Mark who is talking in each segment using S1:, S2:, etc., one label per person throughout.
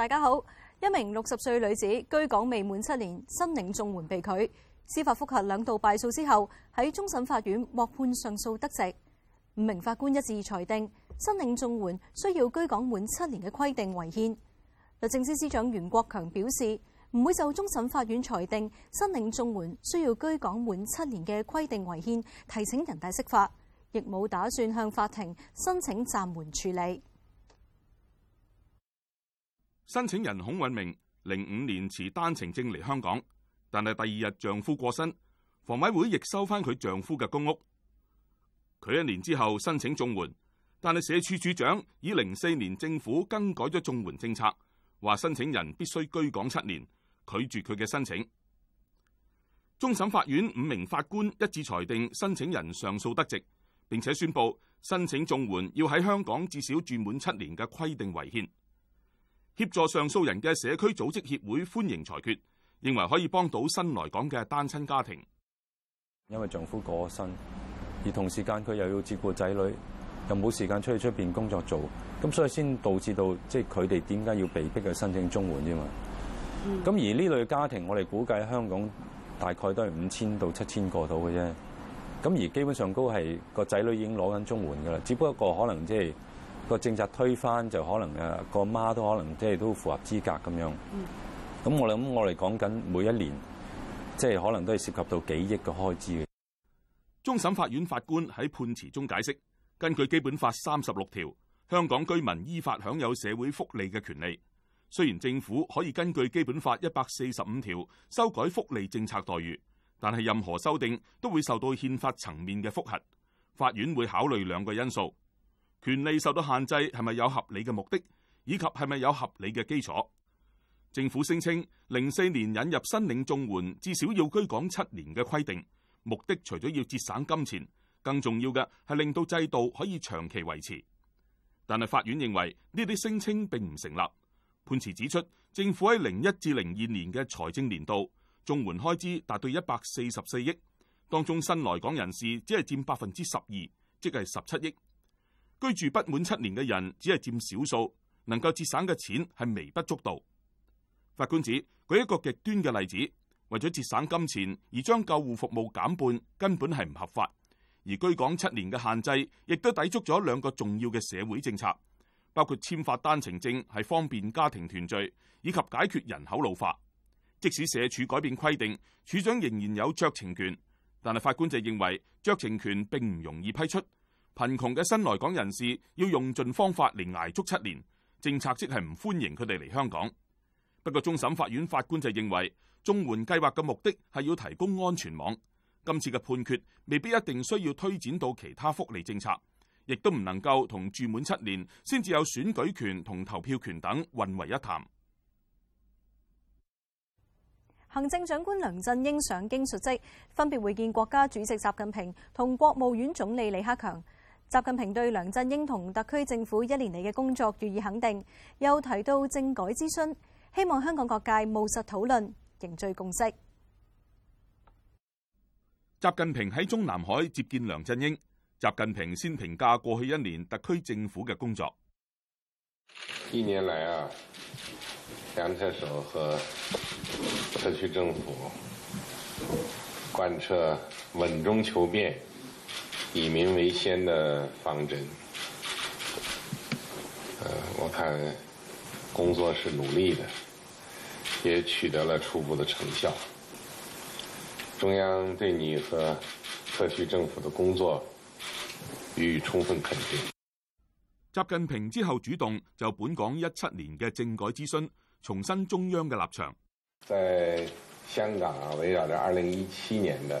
S1: 大家好，一名六十歲女子居港未滿七年，申領綜援被拒，司法覆核兩度敗訴之後，喺終審法院獲判上訴得直。五名法官一致裁定申領綜援需要居港滿七年嘅規定違憲。律政司司長袁國強表示，唔會就終審法院裁定申領綜援需要居港滿七年嘅規定違憲，提請人大釋法，亦冇打算向法庭申請暫緩處理。
S2: 申請人孔允明零五年持單程證嚟香港，但係第二日丈夫過身，房委會亦收翻佢丈夫嘅公屋。佢一年之後申請綜援，但係社署署長以零四年政府更改咗綜援政策，話申請人必須居港七年，拒絕佢嘅申請。終審法院五名法官一致裁定申請人上訴得直，並且宣佈申請綜援要喺香港至少住滿七年嘅規定違憲。協助上訴人嘅社區組織協會歡迎裁決，認為可以幫到新來港嘅單親家庭。
S3: 因為丈夫過身，而同時間佢又要照顧仔女，又冇時間出去出邊工作做，咁所以先導致到即係佢哋點解要被逼去申請綜援。啫、嗯、嘛。咁而呢類家庭，我哋估計香港大概都係五千到七千個到嘅啫。咁而基本上都係個仔女已經攞緊綜援噶啦，只不過可能即係。個政策推翻就可能誒，個媽都可能即係都符合資格咁樣。咁、嗯、我諗我哋講緊每一年，即係可能都係涉及到幾億嘅開支嘅。
S2: 終審法院法官喺判詞中解釋，根據基本法三十六條，香港居民依法享有社會福利嘅權利。雖然政府可以根據基本法一百四十五條修改福利政策待遇，但係任何修訂都會受到憲法層面嘅覆核。法院會考慮兩個因素。權利受到限制係咪有合理嘅目的，以及係咪有合理嘅基礎？政府聲稱零四年引入申領綜援，至少要居港七年嘅規定，目的除咗要節省金錢，更重要嘅係令到制度可以長期維持。但係法院認為呢啲聲稱並唔成立。判詞指出，政府喺零一至零二年嘅財政年度，綜援開支達到一百四十四億，當中新來港人士只係佔百分之十二，即係十七億。居住不滿七年嘅人只係佔少數，能夠節省嘅錢係微不足道。法官指舉一個極端嘅例子，為咗節省金錢而將救護服務減半，根本係唔合法。而居港七年嘅限制亦都抵觸咗兩個重要嘅社會政策，包括簽發單程證係方便家庭團聚，以及解決人口老化。即使社署改變規定，署長仍然有酌情權，但係法官就認為酌情權並唔容易批出。貧窮嘅新來港人士要用盡方法，嚟捱足七年政策，即係唔歡迎佢哋嚟香港。不過，終審法院法官就認為，綜援計劃嘅目的係要提供安全網。今次嘅判決未必一定需要推展到其他福利政策，亦都唔能夠同住滿七年先至有選舉權同投票權等混為一談。
S1: 行政長官梁振英上京述職，分別會見國家主席習近平同國務院總理李克強。習近平對梁振英同特區政府一年嚟嘅工作予以肯定，又提到政改諮詢，希望香港各界務實討論，凝聚共識。
S2: 習近平喺中南海接見梁振英，習近平先評價過去一年特區政府嘅工作。
S4: 一年來啊，梁特首和特區政府貫徹穩中求變。以民為先的方針，呃，我看工作是努力的，也取得了初步的成效。中央對你和特區政府的工作予以充分肯定。
S2: 習近平之後主動就本港一七年嘅政改諮詢，重申中央嘅立場。
S4: 在香港啊，圍繞着二零一七年的。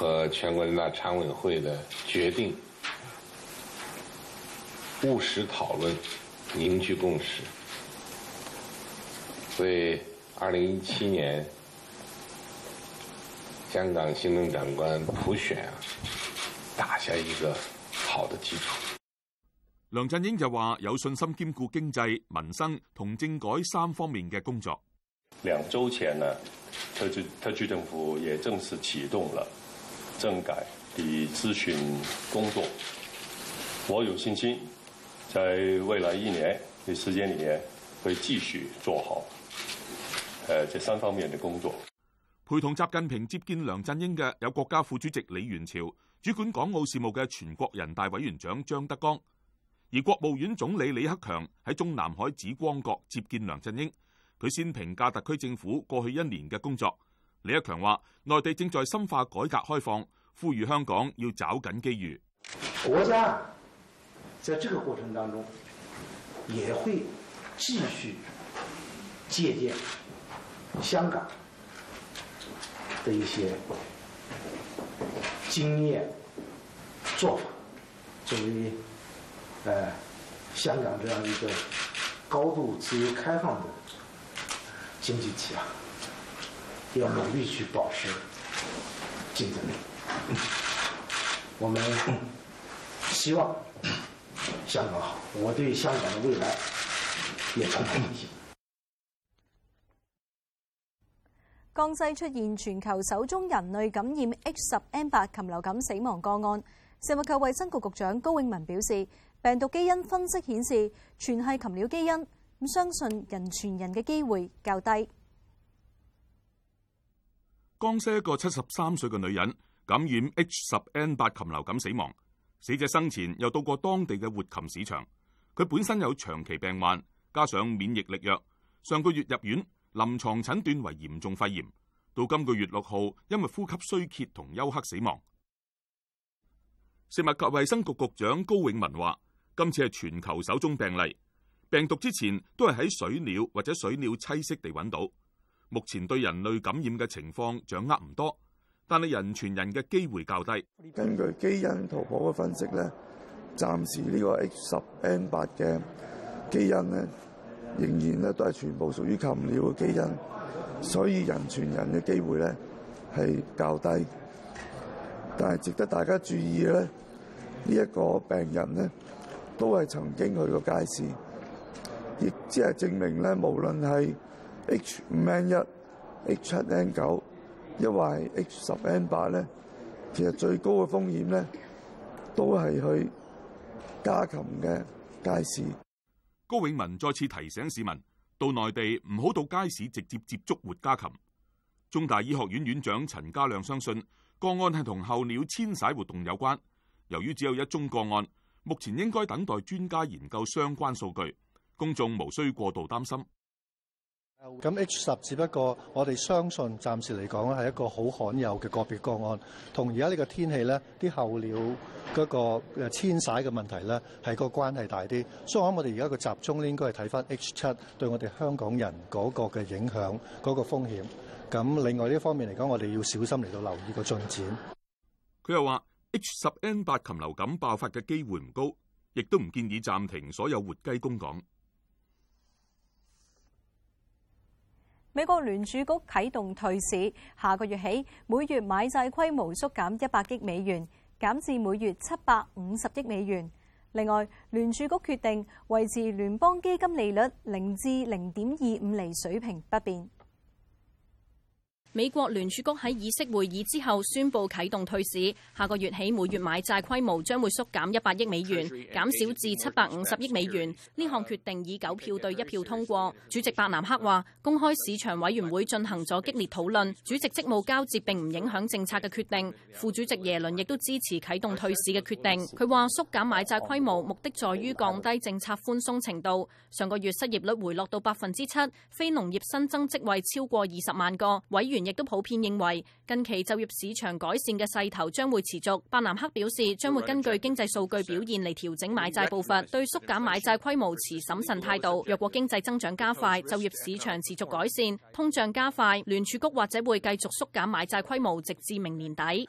S4: 和全國人大常委會的決定，務實討論，凝聚共識，為二零一七年香港行政長官普選啊打下一個好的基礎。
S2: 梁振英就話有信心兼顧經濟、民生同政改三方面嘅工作。
S4: 兩周前呢，特區特區政府也正式啟動了整改嘅諮詢工作，我有信心，在未來一年的時間裏面，會繼續做好誒這三方面的工作。
S2: 陪同習近平接見梁振英嘅有國家副主席李源潮，主管港澳事務嘅全國人大委員長張德江。而國務院總理李克強喺中南海紫光閣接見梁振英，佢先評價特區政府過去一年嘅工作。李克強話：內地正在深化改革開放，呼籲香港要抓緊機遇。
S3: 國家在這個過程當中，
S2: 也會繼續借鑑香港的一些經驗
S5: 做法，作為誒香港這樣一個高度自由開放的經濟體啊。要努力去保持競爭力。
S6: 我們希望香港好，我對香港的
S5: 未來也充滿信心。
S1: 江西出現全球首宗人類感染 H 十 N 八禽流感死亡個案，食物及衛生局局長高永文表示，病毒基因分析顯示全係禽鳥基因，咁相信人傳人嘅機會較低。
S2: 江西一個七十三歲嘅女人感染 H10N8 禽流感死亡，死者生前又到過當地嘅活禽市場，佢本身有長期病患，加上免疫力弱，上個月入院，臨床診斷為嚴重肺炎，到今個月六號因為呼吸衰竭同休克死亡。食物及衛生局局長高永文話：今次係全球首宗病例，病毒之前都係喺水鳥或者水鳥棲息地搵到。目前對人類感染嘅情況掌握唔多，但係人傳人嘅機會較低。根據基因圖譜嘅分析咧，暫時呢個 H10N8 嘅基因咧，仍然咧都係全部屬於禽鳥嘅基因，所以人傳人嘅機會咧係較低。但係值得大家注意咧，呢一個病人咧都係曾經去過街市，亦只係證明咧，無論係，H 五 N 一、H 七 N 九，因為 H 十 N 八咧，其實最高嘅風險咧，都係去家禽嘅街市。高永文再次提醒市民，到內地唔好到街市直接接觸活家禽。中大醫學院院長陳家亮相信，個案係同候鳥遷徙活動有關。由於只有一宗個案，目前應該等待專家研究相關數據，公眾無需過度擔心。
S3: 咁 H 十只不過我哋相信暫時嚟講係一個好罕有嘅個別個案，同而家呢個天氣咧，啲候鳥嗰、那個誒遷徙嘅問題咧，係個關係大啲。所以我諗我哋而家個集中咧，應該係睇翻 H 七對我哋香港人嗰個嘅影響，嗰、那個風險。咁另外呢方面嚟講，我哋要小心嚟到留意個進展。
S2: 佢又話 H 十 N 八禽流感爆發嘅機會唔高，亦都唔建議暫停所有活雞供港。
S1: 美國聯儲局啟動退市，下個月起每月買債規模縮減一百億美元，減至每月七百五十億美元。另外，聯儲局決定維持聯邦基金利率零至零點二五厘水平不變。
S7: 美國聯儲局喺議息會議之後宣布啟動退市，下個月起每月買債規模將會縮減一百億美元，減少至七百五十億美元。呢項決定以九票對一票通過。主席伯南克話：公開市場委員會進行咗激烈討論，主席職務交接並唔影響政策嘅決定。副主席耶倫亦都支持啟動退市嘅決定。佢話縮減買債規模目的在於降低政策寬鬆程度。上個月失業率回落到百分之七，非農業新增職位超過二十萬個。委員亦都普遍認為，近期就業市場改善嘅勢頭將會持續。伯南克表示，將會根據經濟數據表現嚟調整買債步伐，對縮減買債規模持審慎態度。若果經濟增長加快，就業市場持續改善，通脹加快，聯儲局或者會繼續縮減買債規模，直至
S6: 明年底。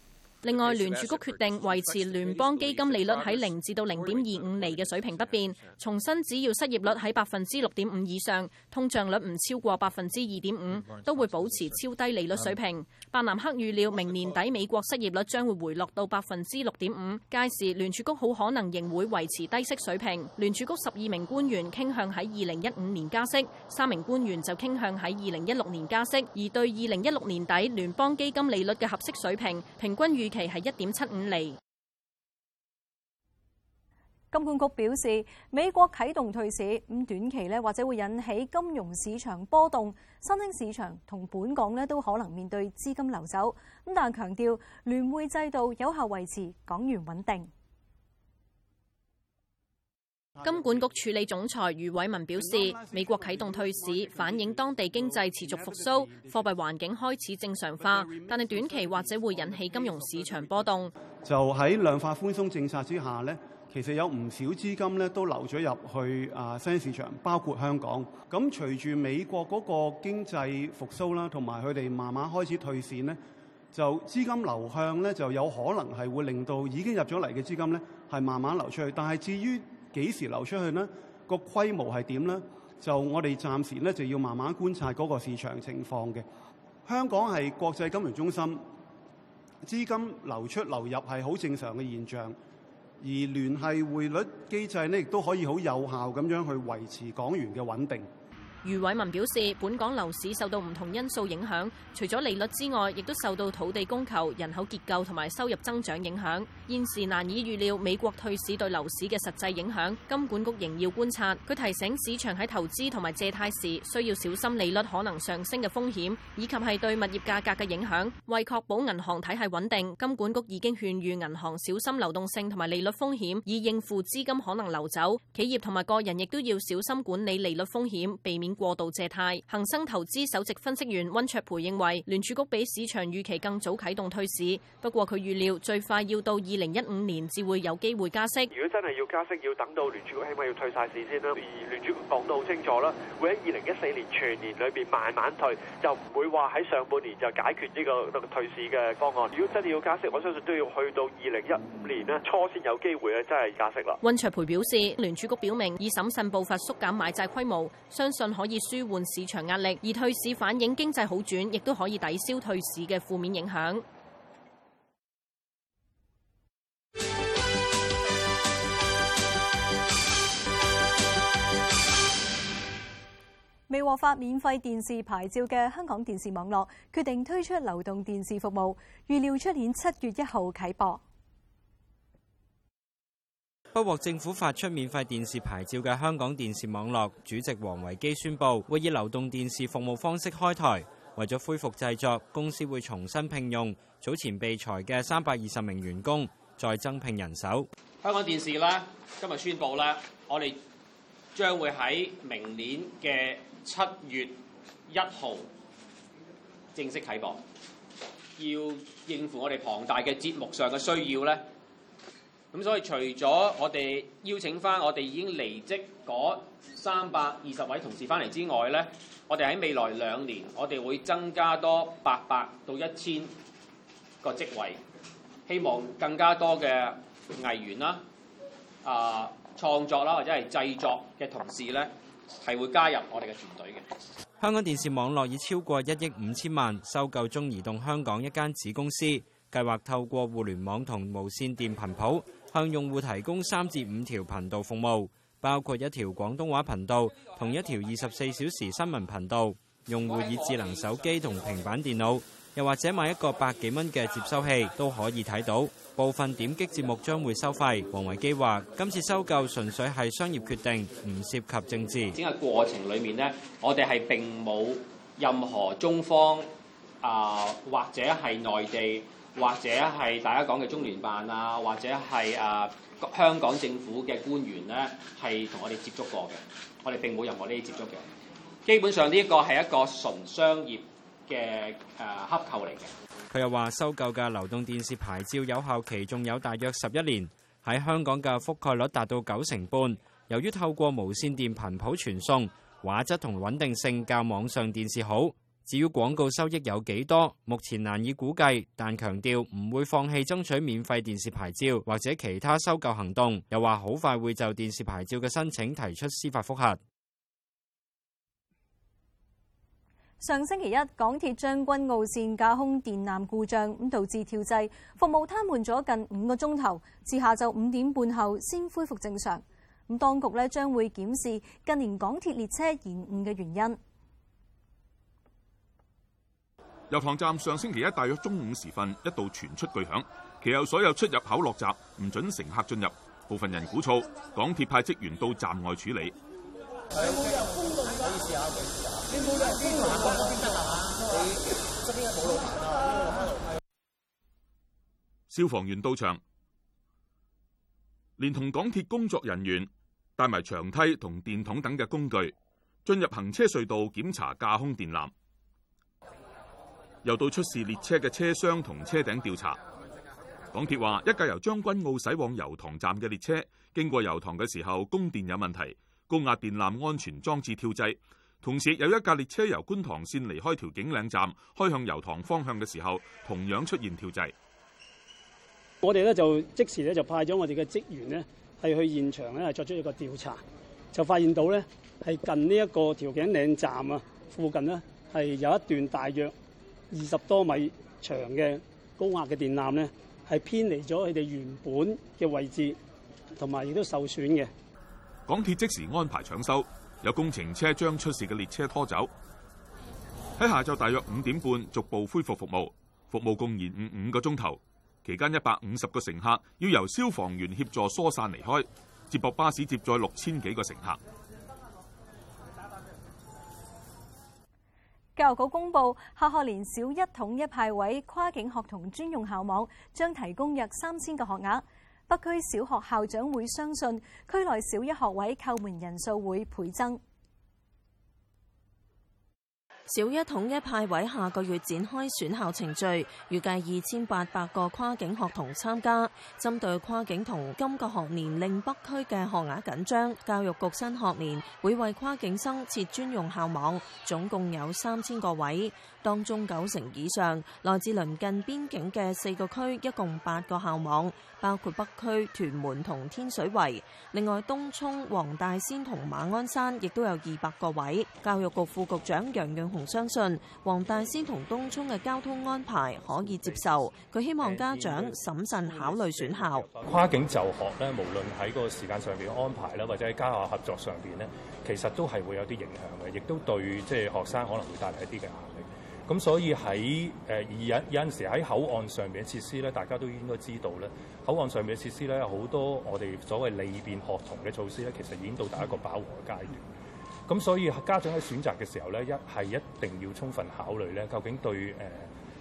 S7: 另外，聯儲局決定維持聯邦基金利率喺零至到零點二五厘嘅水平不變。重申只要失業率喺百分之六點五以上，通脹率唔超過百分之二點五，都會保持超低利率水平。伯南克預料明年底美國失業率將會回落到百分之六點五，屆時聯儲局好可能仍會維持低息水平。聯儲局十二名官員傾向喺二零一五年加息，三名官員就傾向喺二零一六年加息。而對二零一六年底聯邦基金利率嘅合適水平，平均預期係一點七五厘。金管局表
S1: 示，美國啟動退市，咁短期呢或者會引起金融市場波動，新興市場同本港呢都可能面對資金流走。咁但係強調聯匯制度有效維持港元穩定。
S7: 金管局處理總裁余偉文表示，美國啟動退市，反映當地經濟持續復蘇，貨幣環境開始正常化，但係短期或者會引起金融市場
S8: 波動。就喺量化寬鬆政策之下呢，其實有唔少資金都流咗入去啊，新市場包括香港。咁隨住美國嗰個經濟復蘇啦，同埋佢哋慢慢開始退市呢，就資金流向呢，就有可能係會令到已經入咗嚟嘅資金呢，係慢慢流出去。但係至於，幾時流出去呢？個規模係點呢？就我哋暫時呢就要慢慢觀察嗰個市場情況嘅。香港係國際金融中心，資金流出流入係好正常嘅現象，而聯繫匯率機制呢亦都可以好有效咁樣去維持港元嘅穩定。
S7: 余偉文表示，本港樓市受到唔同因素影響，除咗利率之外，亦都受到土地供求、人口結構同埋收入增長影響。現時難以預料美國退市對樓市嘅實際影響，金管局仍要觀察。佢提醒市場喺投資同埋借貸時，需要小心利率可能上升嘅風險，以及係對物業價格嘅影響。為確保銀行體系穩定，金管局已經勸喻銀行小心流動性同埋利率風險，以應付資金可能流走。企業同埋個人亦都要小心管理利率風險，避免。過度借貸，恒生投資首席分析員温卓培認為，聯儲局比市場預期更早啟動退市，不過佢預料最快要到二零一五年至會有機會加息。
S3: 如果真係要加息，要等到聯儲局起
S6: 碼要退晒市先啦。而聯儲局講得好清楚啦，會喺二零一四年全年裏邊慢慢退，就唔會話喺上半年就解決呢個退市嘅方案。如果真係要加息，我相信
S3: 都要去到二零一五年呢，初先有機會咧，真係加息啦。
S7: 温卓培表示，聯儲局表明以審慎步伐縮減買債規模，相信。可以舒緩市場壓力，而退市反映經濟好轉，亦都可以抵消退市嘅負面影響。
S1: 未獲發免費電視牌照嘅香港電視網絡決定推出流動電視服務，預料出年七月一號啟播。
S3: 不獲政府發出免費電視牌照嘅香港電視網絡主席王維基宣布，會以流動電視服務方式開台。為咗恢復製作，公司會重新聘用早前被裁嘅三百二十名員工，再增聘人手。
S6: 香港電視咧今日宣布咧，我哋將會喺明年嘅七月一號正式啟播。要應付我哋龐大嘅節目上嘅需要咧。咁所以除咗我哋邀請翻我哋已經離職嗰三百二十位同事翻嚟之外咧，我哋喺未來兩年，我哋會增加多八百到一千個職位，希望更加多嘅藝員啦、啊創作啦、啊、或者係製作嘅同事咧，係會加入我哋嘅團隊嘅。
S3: 香港電視網絡以超過一億五千萬收購中移動香港一間子公司，計劃透過互聯網同無綫電頻譜。向用戶提供三至五條頻道服務，包括一條廣東話頻道，同一條二十四小時新聞頻道。用戶以智能手機同平板電腦，又或者買一個百幾蚊嘅接收器都可以睇到。部分點擊節目將會收費。王維基話，今次收購純粹係商業決定，唔涉及政治。整個過程
S6: 裏面呢，我哋係並冇任何中方啊或者係內地，或者係大家講嘅中聯辦啊，或者係誒、啊、香港政府嘅官員呢，係同我哋接觸過嘅，我哋並冇任何呢啲接觸嘅。基本上呢一個係一個純商業嘅誒洽購嚟嘅。
S3: 佢、啊、又話，收購嘅流動電視牌照有效期仲有大約十一年，喺香港嘅覆蓋率達到九成半。由於透過無線電頻譜傳送，畫質同穩定性較網上電視好。至於廣告收益有幾多，目前難以估計，但強調唔會放棄爭取免費電視牌照或者其他收購行動。又話好快會就電視牌照嘅申請提出司法覆核。
S1: 上星期一，港鐵將軍澳線架空電纜故障，咁導致跳掣服務癱瘓咗近五個鐘頭，至下晝五點半後先恢復正常。咁當局呢將會檢視近年港鐵列車延誤嘅原因。
S2: 油塘站上星期一大約中午時分一度傳出巨響，其後所有出入口落閘，唔准乘客進入。部分人鼓噪，港鐵派職員到站外處理。消防員到場，連同港鐵工作人員帶埋長梯同電筒等嘅工具，進入行車隧道檢查架空電纜。又到出事列車嘅車廂同車頂調查。港鐵話一架由將軍澳駛往油塘站嘅列車經過油塘嘅時候，供電有問題，高壓電纜安全裝置跳掣。同時有一架列車由觀塘綫離開調景嶺站，開向油塘方向嘅時候，同樣出現跳掣。
S8: 我哋咧就即時咧就派咗我哋嘅職員咧係去現場咧係作出一個調查，就發現到咧係近呢一個調景嶺站啊附近咧係有一段大約二十多米長嘅高壓嘅電纜呢，係偏離咗佢哋原本嘅位置，同埋亦都受損嘅。
S2: 港鐵即時安排搶修，有工程車將出事嘅列車拖走。喺下晝大約五點半逐步恢復服務，服務共延誤五個鐘頭，期間一百五十個乘客要由消防員協助疏散離開，接駁巴士接載六千幾個乘客。
S1: 教育局公布，下學年小一統一派位跨境學童專用校網將提供約三千個學額。北區小學校長會相信，區內小一學位叩門人數會倍增。
S5: 小一統一派位下個月展開選校程序，預計二千八百個跨境學童參加。針對跨境同今個學年令北區嘅學額緊張，教育局新學年會為跨境生設專用校網，總共有三千個位，當中九成以上來自鄰近邊境嘅四個區，一共八個校網，包括北區、屯門同天水圍。另外，東涌、黃大仙同馬鞍山亦都有二百個位。教育局副局長楊潤雄。相信黃大仙同東涌嘅交通安排可以接受，佢希望家長審慎考慮選校。
S6: 跨境就學咧，無論喺個時間上邊嘅安排啦，或者喺家校
S2: 合作上邊咧，其實都係會有啲影響嘅，亦都對即係學生可能會帶嚟一啲嘅壓力。咁所以喺誒有有陣時喺口岸上邊嘅設施咧，大家都應該知道咧，口岸上邊嘅設施咧有好多我哋所謂利便學童嘅措施咧，其實已經到達一個飽和嘅階段。咁所以家長喺選擇嘅時候咧，一係一定要充分考慮咧，究竟對誒、呃、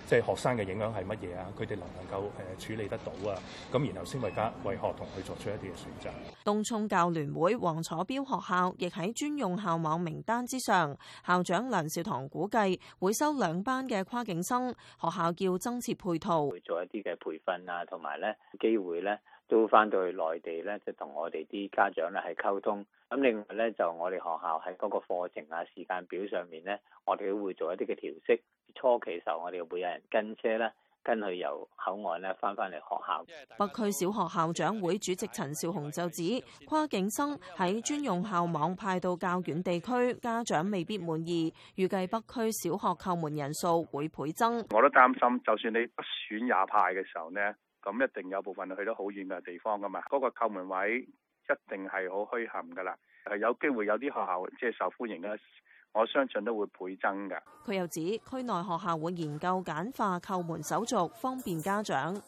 S2: 即係學生嘅影響係乜嘢啊？佢哋能唔能夠誒處理得到啊？咁然後先為家為學童去作出一啲嘅選擇。
S5: 東涌教聯會黃楚標學校亦喺專用校網名單之上，校長梁少棠估計會收兩班嘅跨境生，學校叫增設配套，會
S6: 做一啲嘅培訓啊，同埋咧機會咧。都翻到去內地咧，就同我哋啲家長咧係溝通。咁另外咧，就我哋學校喺嗰個課程啊、時間表上面咧，我哋都會做一啲嘅調適。初期時候，我哋會有人跟車咧，跟佢由口岸咧翻翻嚟學
S5: 校。北區小學校長會主席陳少雄就指，跨境生喺專用校網派到較遠地區，家長未必滿意。預計北區小學
S7: 叩門人數會倍增。
S2: 我都擔心，就算你不選也派嘅時候呢。咁一定有部分去到好遠嘅地方噶嘛，嗰、那個扣門位一定係好墟冚噶啦。誒，有機會有啲學校即係受歡迎啦，我相信都會倍增噶。
S5: 佢又指區內學校會研究簡化扣門手續，方便家長。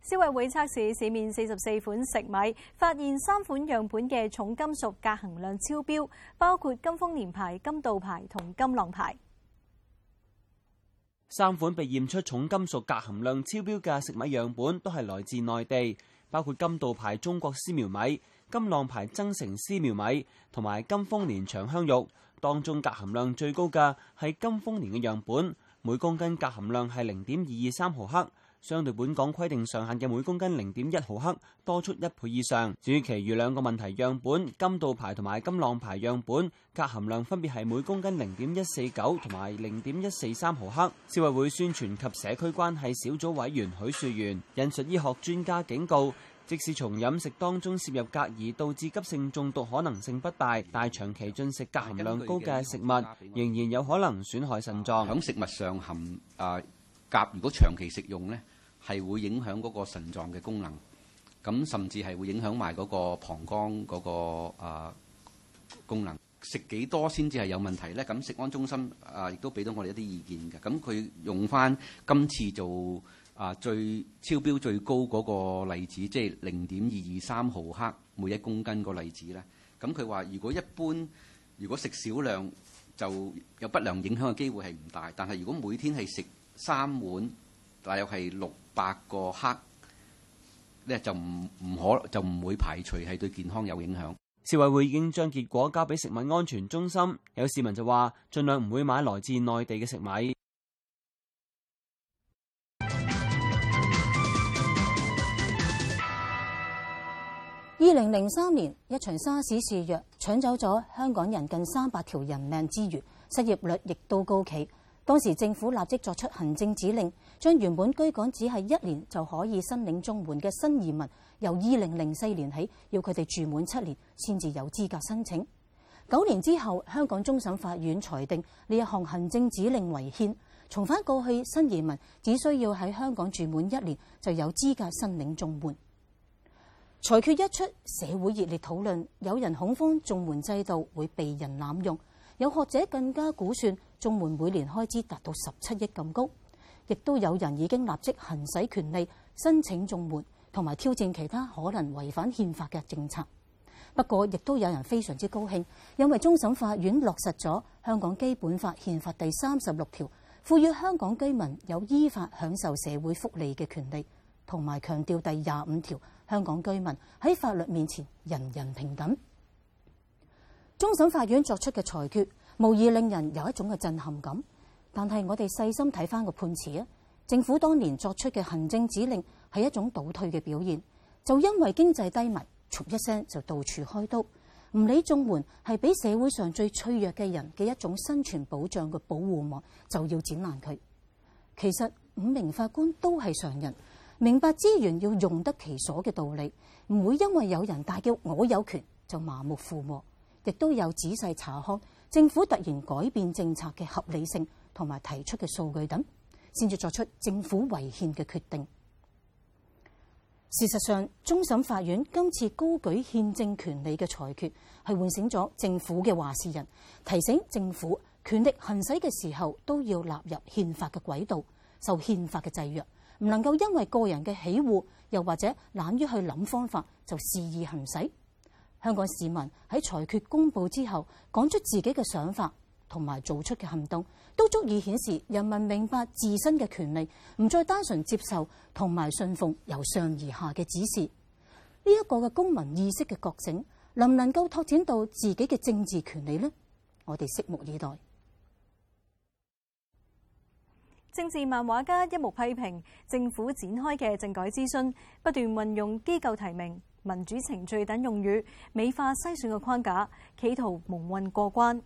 S1: 消委會測試市面四十四款食米，發現三款樣本嘅重金屬鎘含量超標，包括金豐蓮牌、金稻牌同金浪牌。
S8: 三款被驗出重金屬鎘含量超標嘅食物樣本，都係來自內地，包括金稻牌中國絲苗米、金浪牌增城絲苗米同埋金豐年長香肉。當中鎘含量最高嘅係金豐年嘅樣本，每公斤鎘含量係零點二二三毫克。相對本港規定上限嘅每公斤零點一毫克多出一倍以上。至於其餘兩個問題樣本，金道牌同埋金浪牌樣本鎘含量分別係每公斤零點一四九同埋零點一四三毫克。消委會宣傳及社區關係小組委員許樹源引述醫學專家警告，即使從飲食當中攝入鎘而導致急性中毒可能性不大，但係長期進食鎘含量高嘅食物，仍然有可能損害腎臟。喺食物上含啊～鎘如果長期食用咧，係會影響嗰個腎臟嘅功能，咁甚至係會影響埋嗰個膀胱嗰個啊功能。食幾多先至係有問題咧？咁食安中心啊，亦都俾到我哋一啲意見嘅。咁佢用翻今次做啊最超標最高嗰個例子，即係零點二二三毫克每一公斤個例子咧。咁佢話：如果一般如果食少量就有不良影響嘅機會係唔大，但係如果每天係食三碗，大約係六百個克呢就唔唔可就唔會排除係對健康有影響。消委會已經將結果交俾食物安全中心。有市民就話：盡量唔會買來自內地嘅食米。
S9: 二零零三年一場沙士肆虐，搶走咗香港人近三百條人命之餘，失業率亦都高企。當時政府立即作出行政指令，將原本居港只係一年就可以申領綜援嘅新移民，由二零零四年起要佢哋住滿七年先至有資格申請。九年之後，香港終審法院裁定呢一項行政指令違憲，重返過去新移民只需要喺香港住滿一年就有資格申領綜援。裁決一出，社會熱烈討論，有人恐慌綜援制度會被人濫用，有學者更加估算。綜援每年開支達到十七億咁高，亦都有人已經立即行使權利申請綜援，同埋挑戰其他可能違反憲法嘅政策。不過，亦都有人非常之高興，因為終審法院落實咗香港基本法憲法第三十六條，賦予香港居民有依法享受社會福利嘅權利，同埋強調第廿五條，香港居民喺法律面前人人平等。終審法院作出嘅裁決。無疑令人有一種嘅震撼感，但係我哋細心睇翻個判詞啊，政府當年作出嘅行政指令係一種倒退嘅表現，就因為經濟低迷，唰一聲就到處開刀，唔理綜援係俾社會上最脆弱嘅人嘅一種生存保障嘅保護網就要剪爛佢。其實五名法官都係常人，明白資源要用得其所嘅道理，唔會因為有人大叫我有權就麻木附和，亦都有仔細查看。政府突然改變政策嘅合理性同埋提出嘅數據等，先至作出政府違憲嘅決定。事實上，終審法院今次高舉憲政權利嘅裁決，係喚醒咗政府嘅話事人，提醒政府權力行使嘅時候都要納入憲法嘅軌道，受憲法嘅制約，唔能夠因為個人嘅喜惡，又或者懶於去諗方法，就肆意行使。香港市民喺裁決公布之後，講出自己嘅想法同埋做出嘅行動，都足以顯示人民明白自身嘅權利，唔再單純接受同埋信奉由上而下嘅指示。呢一個嘅公民意識嘅覺醒，能唔能夠拓展到自己嘅政治權利呢？我哋拭目以待。
S1: 政治漫畫家一目批評政府展開嘅政改諮詢，不斷運用機構提名。民主程序等用語美化篩選嘅框架，企圖蒙混過關。